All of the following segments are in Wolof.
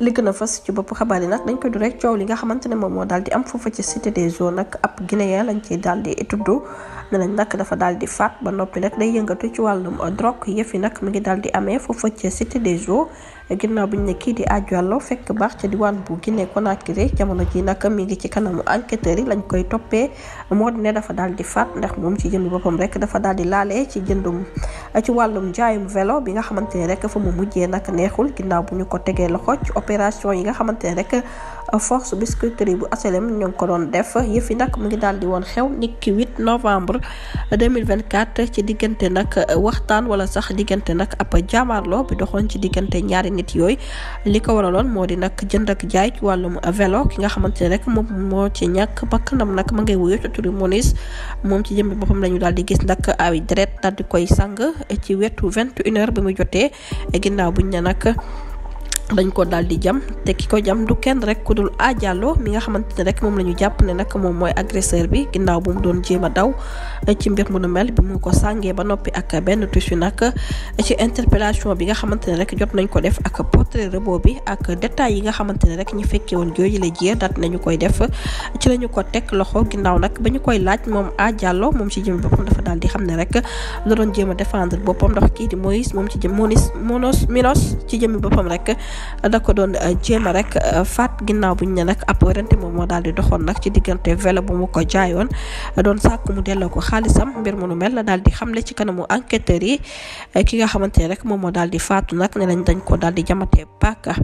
li gën ci bopp xabaar yi nag dañ koy du rek coow li nga xamante ne moom moo daal di am foofa ci cité des eaux nag ab guinéen daal di tudd ne nañ nag dafa daal di faat ba noppi nag day yëngatu ci wàllum drogue yëf yi nag mi ngi daal di amee foofa ci cité des eaux ginnaaw bi ñu ne kii di Adji Allo fekk baax diwaan bu Guinée Conakry jamono ji nag mi ngi ci kanamu enquêteurs yi lañ koy toppee moo di ne dafa daal di faat ndax moom ci jënd boppam rek dafa daal di laalee ci jëndum ci wàllum jaayum vélo bi nga xamante ne rek fa mu mujjee nag neexul ginnaaw bu ñu ko tegee loxo opération yi nga xamante ne rek euh, force biscuiterie bu HLM ñoo ngi ko doon def yëf yi nag mu ngi daal di woon xew niki 8 novembre 2024 ci diggante nag euh, waxtaan wala sax diggante nag ab jaamaarloo bi doxoon ci diggante ñaari nit yooy li ko waraloon moo di nag jënd ak jaay ci wàllum vélo ki nga xamante ne rek moom moo ci ñàkk bakkanam nag ma ngay wuyoo ci turu Monis moom ci jëmbi boppam la ñu daal di gis nag ay deret daal di koy sang ci wetu 21 heures bi mu jotee ginnaaw buñ ne nag. dañ ko daal di jam te ki ko jam du kenn rek ku dul A Diallo mi nga xamante ne rek moom la ñu jàpp ne nag moom mooy agresseur bi ginnaaw bu mu doon jéem a daw ci mbir mu nu mel bi mu ko sàngee ba noppi ak benn tissu nag ci interpellation bi nga xamante ne rek jot nañ ko def ak portrait robot bi ak détails yi nga xamante ne rek ñu fekkee woon jooju la jiyee daat nañu koy def ci la ñu ko teg loxo ginnaaw nag ba ñu koy laaj moom A Diallo moom ci jëm boppam dafa daal di xam ne rek la doon jéem a défendre boppam ndax kii di Moïse moom ci jëm Monis Monos Minos ci jëmmi boppam rek. da ko doon eh, jéem a rek eh, faat ginnaaw bu ñu ne nag ab werante moom moo daal di doxoon nag ci diggante vélo bu mu ko jaayoon eh, doon sàkk mu delloo ko xaalisam mbir mu nu mel na daal di xamle ci kanamu enquêteurs yi ki nga xamante ne rek moom moo daal di faatu nag ne nañ dañ ko daal di jamatee paaka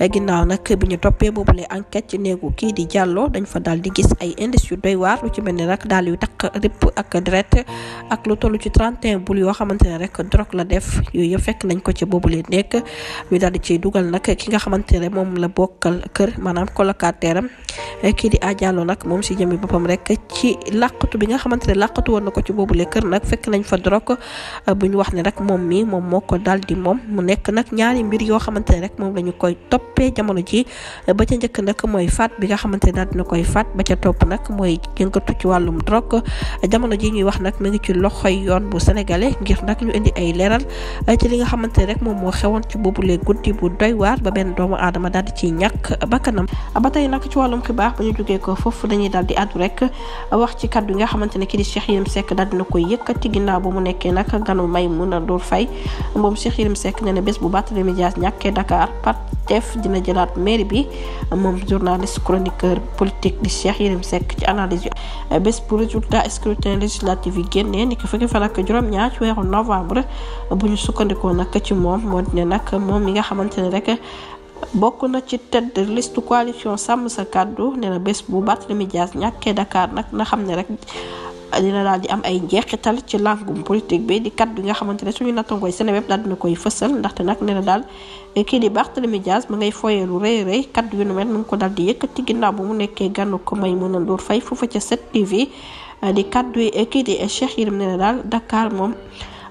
Eh, ginnaaw nag bi ñu toppee boobule enquête ci néegu kii di jàlloo dañ fa daal di gis ay indices yu doy waar lu ci mel ni rek daal yu takk ripp ak deret ak lu toll ci 31 bul yoo xamante ne rek drogue la def yooyu yëpp fekk nañ ko ci boobule nekk ñu daal di ciy dugal nag ki nga xamante ne moom la bokkal kër maanaam colocataire kii di Adiallo nag moom si jëmi boppam rek ci làqatu bi nga xamante ne làqatu woon na ko ci boobule kër nag fekk nañ fa drogue euh, bu ñu wax ne rek moom mii moom moo ko daal di moom mu nekk nag ñaari mbir yoo xamante ne rek moom la koy toppee jamono ji euh, ba ca njëkk nag mooy faat bi nga xamante ne daal dina koy faat ba ca topp nag mooy yëngatu ci wàllum drogue jamono ji ñuy wax nag mi ngi ci loxoy yoon bu sénégalais ngir nag ñu indi ay leeral euh, ci li nga xamante ne rek moom moo xewoon ci boobule guddi bu doy waar ba benn doomu adama daal di ciy ñàkk bakkanam ba tey nag ci wàllum xibaar baax ba ñu jógee ko foofu dañuy daal di àddu rek wax ci kàddu yi nga xamante ne kii di Cheikh Yérim Seck daal dina koy yëkkati ginnaaw ba mu nekkee nag ganu Maïmouna Ndour Faye moom Cheikh Yérim Seck nee bés bu Barthélémy Dias ñàkkee Dakar Pastef dina jëlaat mairie bi moom journaliste chroniqueur politique di Cheikh Yérim Seck ci analyse yu bés bu résultat scrutin législatif yi génnee ni ko fekk fan ak juróom-ñaar ci weeru novembre bu ñu sukkandikoo nag ci moom moo dina nag moom mi nga xamante ne rek bokk na ci tête de liste coalition sàmm sa kàddu nee na bés bu Barthélémy Dias ñàkkee dakaar nag na xam ne rek dina daal di am ay njeexital ci langum politique bi di kàddu yi nga xamante ne suñu nattangooy Seneweb daal dina koy fësal ndaxte nag nee na daal kii di Barthélémy Dias ma ngay foyee lu rëy rëy kàddu yu nu mel mu ngi ko daal di yëkkati ginnaaw bu mu nekkee gànnu ko may mën a door fay foofa ca 7TV di kàddu yi kii di Cheikh Yérim na daal Dakar moom.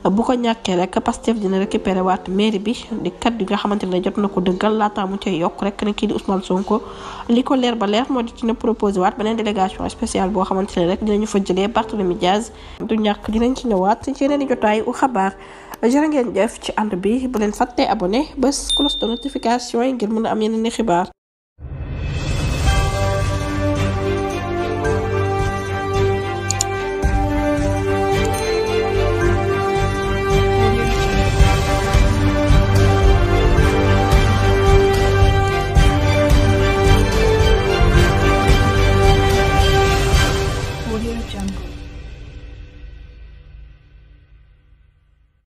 bu ko ñàkkee rek Pastef dina récupérer waat mairie bi di kaddu yi nga xamante ne jot na ko dëggal laata mu cay yokk rek ne kii di Ousmane Sonko li ko leer ba leer moo di dina proposé waat beneen délégation spéciale boo xamante ne rek dinañu fa jëlee Barthélémy Diaz du ñàkk dinañ ci ñëwaat ci yeneen i jotaay u xabaar jërë ngeen jëf ci ànd bi bu leen fàttee abone bés cloche de notification yi ngir mën a am yeneen i xibaar